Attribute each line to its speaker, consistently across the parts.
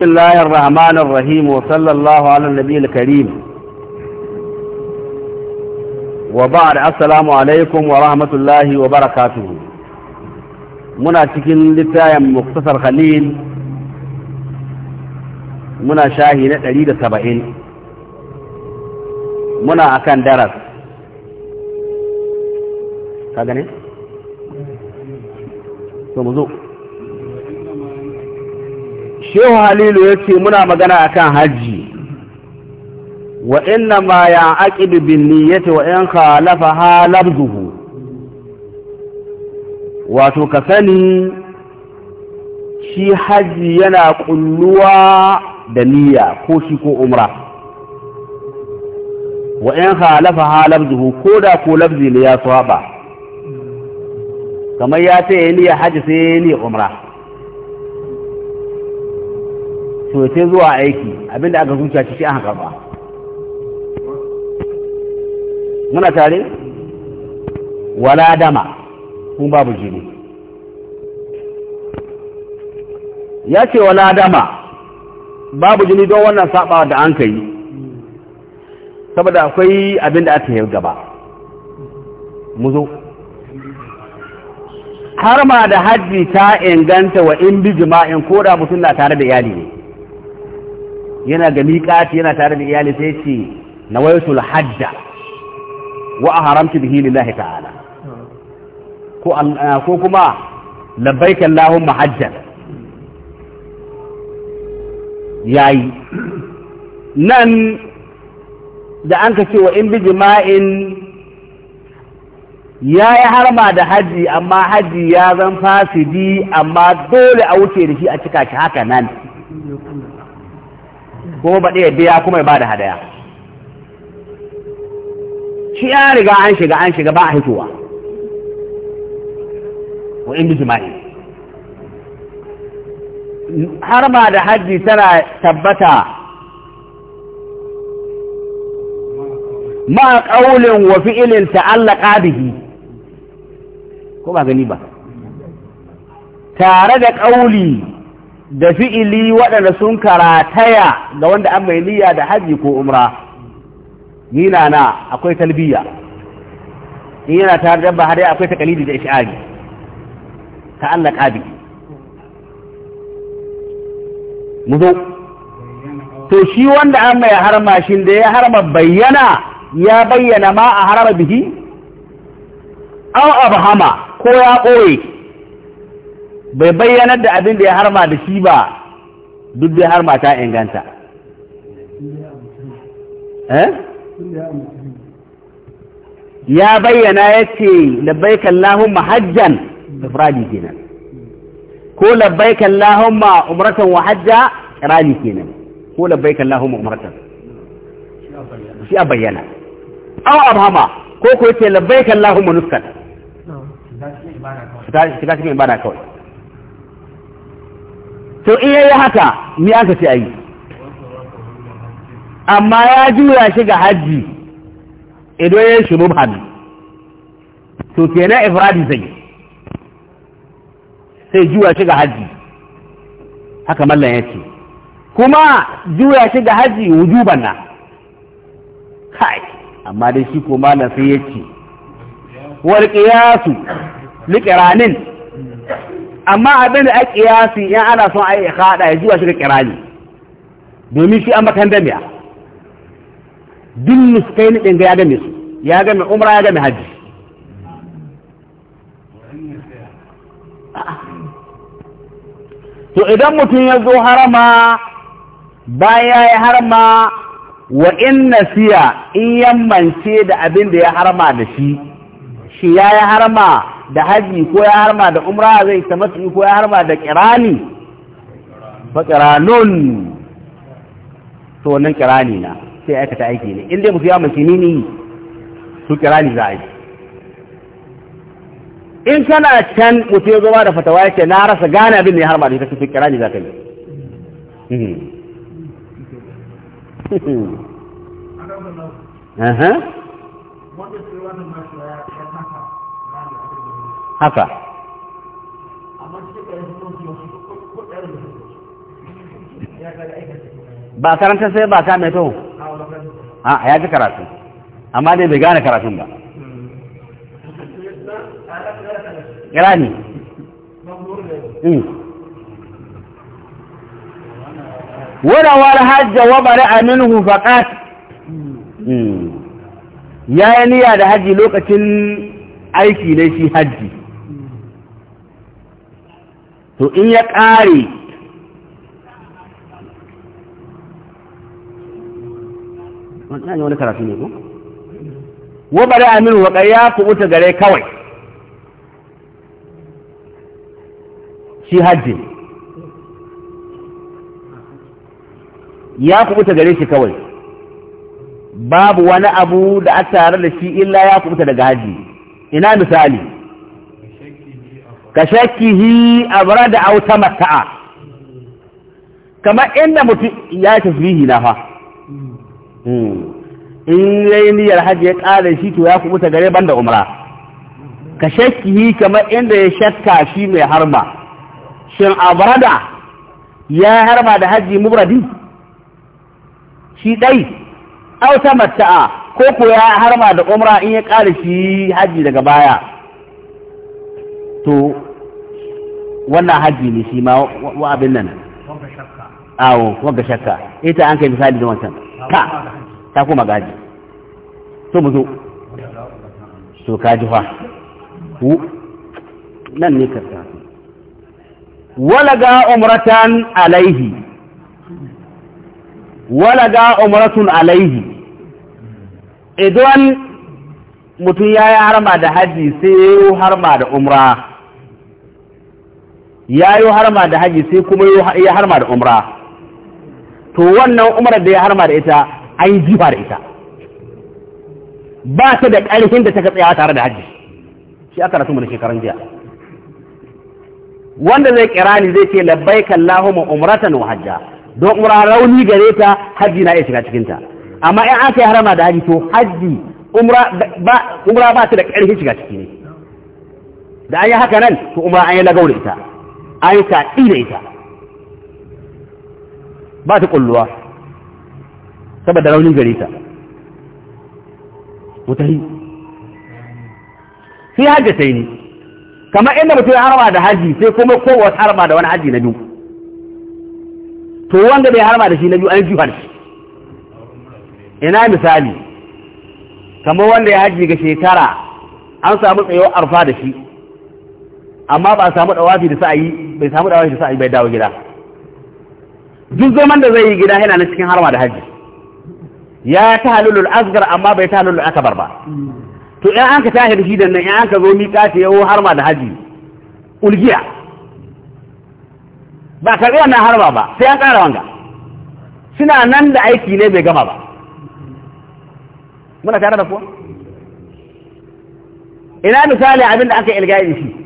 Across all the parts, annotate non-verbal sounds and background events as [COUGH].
Speaker 1: بسم الله الرحمن الرحيم وصلى الله على النبي الكريم وبعد السلام عليكم ورحمة الله وبركاته منا تكين لتايا مختصر خليل منا شاهينة عديدة سبعين منا أكان درس كاغني ثم ذوق shehu halilu ya ce muna magana a kan hajji wa inna ma ya aqidu bin niyyati wa in khalafa halabduhu wato ka sani shi hajji yana ƙulluwa da niyya ko shi ko umra wa in khalafa halabduhu ko da ko labzi ne ya saba kamar ya ce niyya hajji sai niyya umra to sai zuwa aiki abinda aka zuciya ci shi an karba muna tare wala dama kun babu jini ya ce wala dama babu jini don wannan saba da an kai saboda akwai abinda aka yi gaba mu zo har ma da hajji ta inganta wa in bi jima'in ko da mutum na tare da iyali ne yana ga miƙati yana tare da iyali sai ce na waitul hajja wa a haramta bihi lillahi ta'ala ko eh, kuma labbaik lahun hajjan yayi nan da an ka ce wa in bi jima'in ya yi harma da haji amma haji ya zan fasidi amma dole a wuce da shi a cika shi haka nan ko baɗe ɗaya biya kuma ya ba da hadaya shi ya riga an shiga an shiga ba a hitowa wa in jima'i har ma da hajji tana tabbata ma ƙaulin wa fi'ilin ta'allaka bihi ko ba gani ba tare da ƙauli da fi'ili waɗanda sun karataya ga wanda an mai niyya da haji ko umra nina na akwai talbiya in yana tare da bahari akwai takalidi da ishari ka Allah biki. mu zo to shi wanda an mai harma shi da ya harma bayyana ya bayyana ma a harama biki? aw abhama ko ya ɓoye bai bayyanar da abin da ya harma da shi ba duk da ya harma ta inganta eh? ya bayyana ya ce labbaika Allahumma hajjan ifradi kenan ko labbaika Allahumma umratan wa hajja irani kenan ko labbaika Allahumma umartan shi a bayyana awa abhama ko ko ce labbaika Allahumma nuskan shiga cikin ibada kawai to iya yi haka ni aka ce ayi amma ya juya shi ga hajji idan ya shi mubhan to kenan ifradi zai sai juya shi ga hajji haka mallan ya ce kuma juya shi ga hajji wujuban na kai amma dai shi ko mallan sai ya ce wal qiyasu liqranin amma abin da ake yasi in ana son a yi haɗa ya zuwa shiga kirani domin shi an bakan damiya duk su na ɗin ga ya game su ya game umra ya game hajji to idan mutum ya zo harama baya ya harama wa in nasiya in yammance da abin da ya harama da shi shi ya yi harma da haji ko ya harma da umra zai tamattu ko ya harma da kirani fa kiranun to wannan kirani na sai aikata aiki ne in dai musu ya mace ne su kirani za a yi in kana can mutu ya zama da fatawa ya ce na rasa gane abin da ya harma da ita su kirani za ka yi hmm. [LAUGHS] haka ba karanta sai ba ka mai taho a ya ji karatu amma dai bai gane karatun ba irani hmm. wani hajji wa bari aminu faƙat hmm. ya yi niyya da hajji lokacin aiki na shi hajji to in ya ƙare wannan wani karatu ne ko wa aminu wa ya kubuta gare kawai shi hajji ya kubuta gare shi kawai babu wani abu da a tare da shi illa ya kubuta daga hajji ina misali ka a bara da auta mata'a kamar inda mutum ya tafihi na fa hmm. in yayi niyyar hajji ya ƙara shi to ya kubuta gare banda umra ka hi kamar inda ya shakka shi mai harba shin a abrada ya harba da hajji mubradi shi dai auta mata'a ko ko ya harba da umra in ya ƙara shi hajji daga baya to wannan haji ne shi ma wa abin nan awo wanga shakka ita an kai misali da wancan ka ta kuma gaji so mu zo to ka ji fa nan ne karta walaga umratan alaihi walaga umratun alaihi idan mutum ya yi harma da haji sai ya yi harma da umra ya yi harma da haji sai kuma ya harma da umra to wannan umrar da ya harma da ita an yi jifa da ita ba ta da ƙarfin da ta ka tsayawa tare da haji shi aka rasu mana shekaran jiya wanda zai kira ni zai ce labbai kallahuma umratan wa hajja don umra rauni gare ta haji na iya shiga cikin ta amma in aka yi harma da haji to haji umra ba umra ba ta da ƙarfin shiga ciki ne da an yi haka nan to umra an yi lagau da ita ai ta ita ba ta kulluwa saboda raunin gare ta mutari sai hajji sai ne kamar inda mutum ya harba da haji sai kuma kowa ta harba da wani haji na biyu to wanda bai harba da shi na biyu an jihar shi ina misali kamar wanda ya haji ga shekara an samu tsayo arfa da shi amma ba a samu dawafi da sa'ayi bai samu dawafi da sa'ayi bai dawo gida duk zaman da zai yi gida yana na cikin harma da haji ya ta halulul asgar amma bai ta halulul akabar ba to in an ka tahir shi da nan in an ka zo miƙa ta yawo harma da haji ulgiya ba karɓi wannan harma ba sai an ƙara wanga suna nan da aiki ne bai gama ba muna tare da kuwa ina misali abin da aka ilgayi shi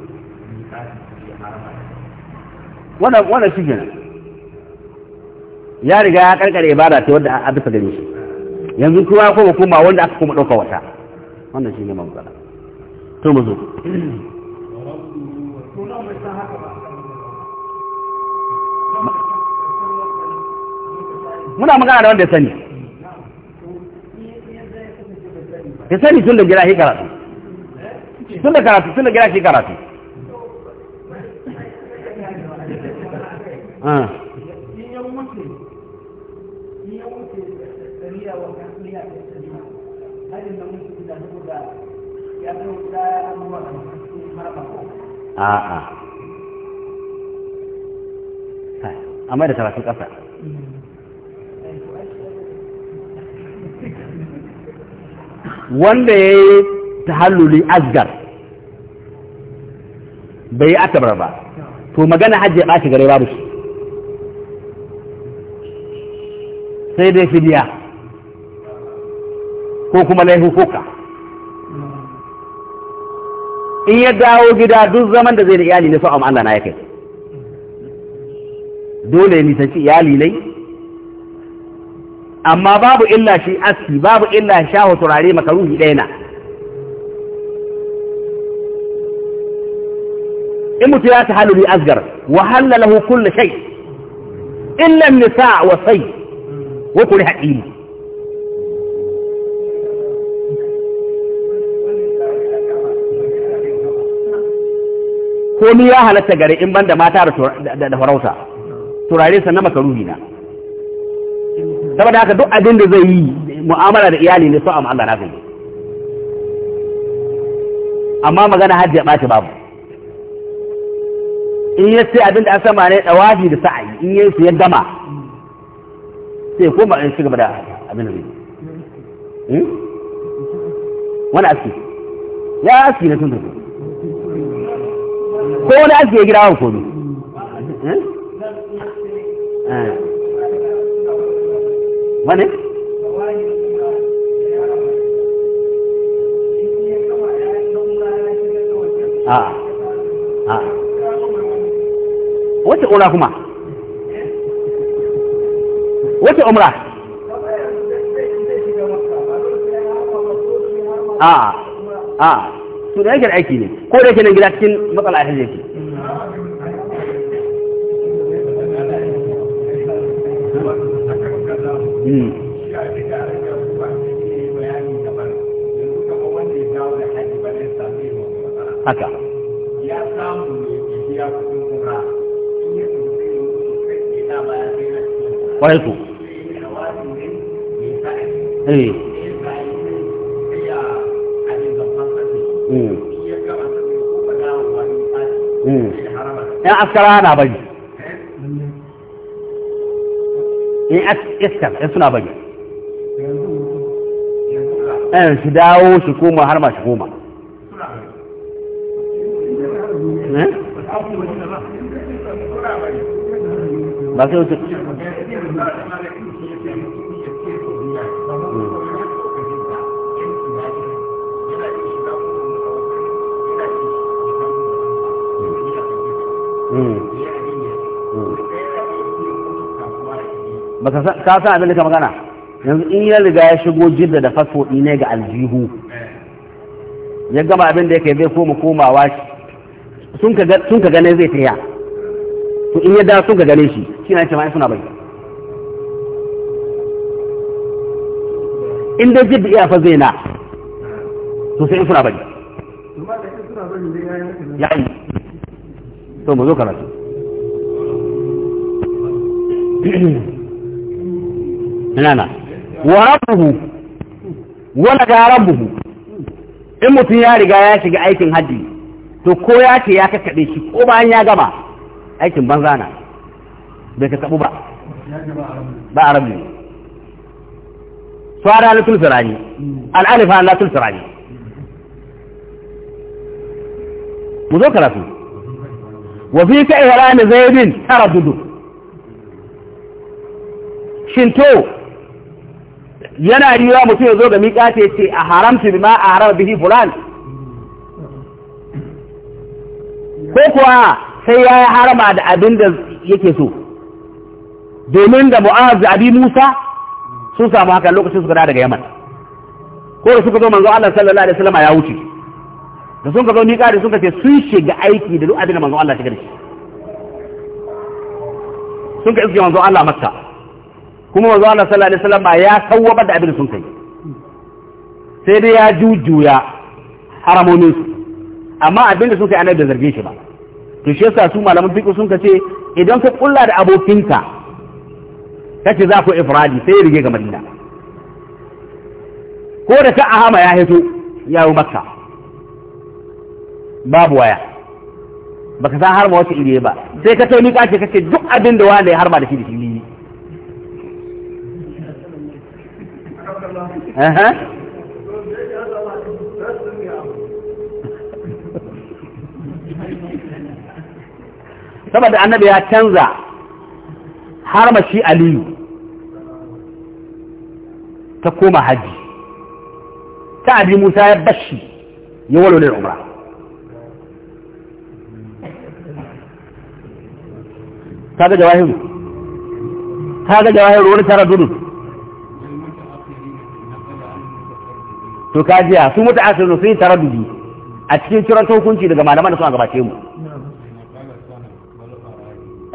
Speaker 1: wannan shi kenan ya riga ya karkar ibada ta wadda a bisa gani shi yanzu kuma ko kuma wanda aka kuma dauka wata wannan shine magana to mu zo muna magana da wanda ya sani ya sani tun da gira shi karatu tun da karatu tun da gira shi karatu amma ah. da sarafin ƙasa wanda ya yi tahalluli asgar bai yi akabar ba to magana hajji ya ɓaci gare babu shi sai dai fidiya ko kuma laifuka in ya dawo gida duk zaman da zai da iyali na fa'am Allah na ya kai dole ya nisanci iyali ne amma babu illa shi aski babu illa shaho turare makaruhi ɗaya na in mutu ya ta haluri asgar wa halla lahu kullu shay illa nisa wa sai wai kuri haɗi ne komi ya halatta gare in ban da mata da farauta turare na makaruhi na saboda haka duk abin da zai yi mu'amala da iyali ne so amma Allah na amma magana hajji ya ɓaci babu in ya ce abin da an sama ne ɗawafi da sa'ayi in yi su ya gama sai ya koma in shiga da abin da zai hmm? wani aski ya aski na tuntun ko wani aski ya gida wa komi wani a a wata ƙura kuma wace umra a a su da yake da aiki ne ko da yake nan gida cikin matsala a hajji yake hmm. haka ya samu ne ya kuɗin kuma in yi su zai yi eh yan askara na bari in iskar suna bari ɗan su dawo su koma har ma su koma ba sai wuce ka san abin da ka magana yanzu in ya riga ya shigo jidda da fasfodi ne ga aljihu ya gama abin da yake zai koma komawa sun ka gane zai taya to in ya da sun ka gane shi shi na cewa suna bai in dai jidda iya fa zai na to sai in suna bai ya yi to mu zo karatu ina na wa rabbuhu wala ga rabbuhu in mutum ya riga ya shiga aikin haddi to ko ya ce ya kakkaɓe shi ko bayan ya gama aikin banza na bai kakkaɓu ba ba a rabbi swara na tulfirani al'alifa na tulfirani mu zo karatu wa fi ka ihrami zaidin taradudu shin to yana yiwa mutum ya zo ga miƙa ce ce a haramta bima a haram bihi fulan ko kuwa sai ya yi harama da abin da yake so domin da mu'az da abi musa sun samu haka lokacin suka daga yaman ko da suka zo manzo Allah sallallahu alaihi wasallam ya wuce da sun ka zo ni kare sun ka ce sun shiga aiki da duk da manzon Allah shiga da shi sun ka iske manzon Allah makka kuma manzon Allah sallallahu alaihi wasallam ya sawwabar da abin sun kai sai dai ya jujuya haramomin su amma abin da sun kai annabi da zargin shi ba to shi yasa su malaman fiqh sun ka ce idan ka kulla da abokinka kace za ku ifradi sai ya rige ga Madina ko da ka ahama ya hito yawo makka babu waya baka san harba wata iri ba sai ka tauni kace kace duk abin da wanda ya harba da shi da shi saboda annabi ya canza harma shi aliyu ta koma haji ta abi musa ya bashi ya walwalar umra kaga jawahiru kaga jawahiru wani tara dudu to kajiya su mutu asirin sun yi tara dudu a cikin ciran hukunci daga malaman da suna gabace mu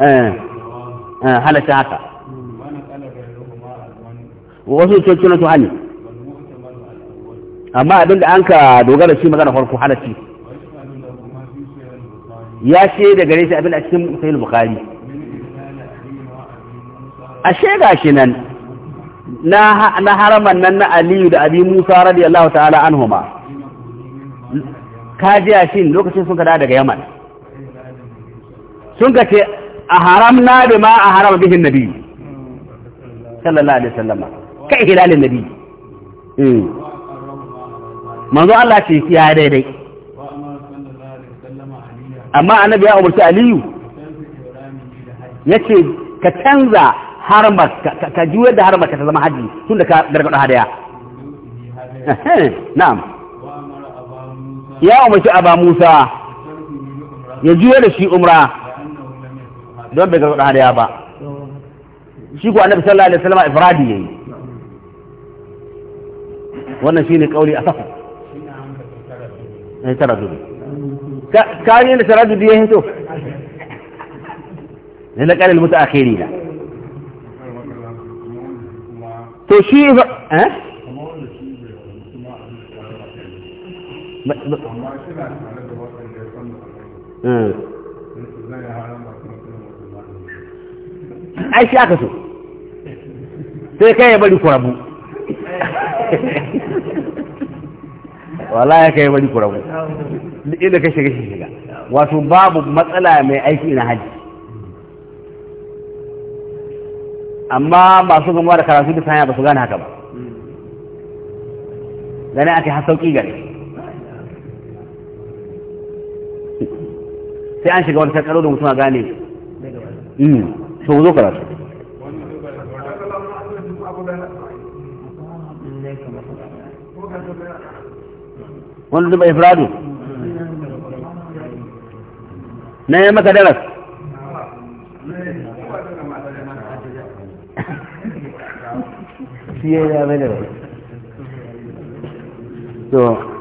Speaker 1: eh, eh, halatta haka wasu cikin su hali amma abinda an ka dogara shi magana farko halatti ya ce da gare shi abinda a cikin sahih bukhari ashe ga shi nan na haraman nan na aliyu da abi musa radiyallahu ta'ala anhuma kajiya shi lokacin sun kada daga yaman sun kace a haram na bi ma a haram bihin nabi sallallahu alaihi wasallam kai hilalin nabi hmm. manzo Allah ce ya daidai amma annabi ya umarci aliyu yace ka canza harmar ka juyar da harmar ka ta zama haji tun da ka gargaɗo hadaya na'am ya umarci aba musa ya juyar da shi umra don bai gargaɗo hadaya ba shi ko annabi sallallahu alaihi wasallam ifradi yayi wannan shine kauli a safa ne taradudi ka ka yi da taradudi yayin to ne la kalil mutaakhirin to shi ba a? Eh? Hmm. ai shi aka so sai kai ya bari kurabu wala ya kai ya bari kurabu ni inda ka shiga shiga wato babu matsala mai aiki na hajji amma masu gamuwa da karatu bisa hanya ba su gane haka ba gane ake har sauƙi gare sai an shiga wani karkaro da mutum a gane hmm, to zo karatu wani zuba ifradu na yi maka daras shi ya yi mana to